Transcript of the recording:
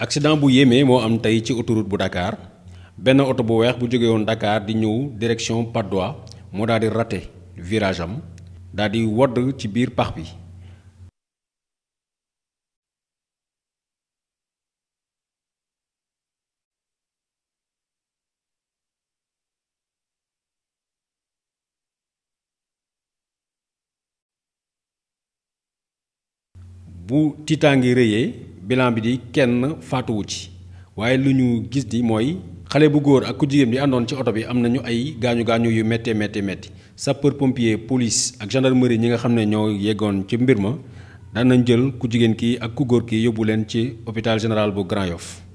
accident bu yéemee mo am tay ci autoroute bu Dakar ben auto bu bu jogé won Dakar di ñëw direction Patte mo moo raté virage am daal di wodd ci biir pax bi. bu titangi bilan bi di kenn faatuwu ci waaye lu ñu gis di mooy xale bu góor ak ku jigéen bi àndoon ci oto bi am nañu ay gaañu gaañu yu méttee méttee sa sapeur pompier police ak gendarmerie ñi nga xam ne ñoo yeggoon ci mbir ma daan nañ jël ku jigéen kii ak ku góor kii yóbbu leen ci hôpital général bu Grand Yoff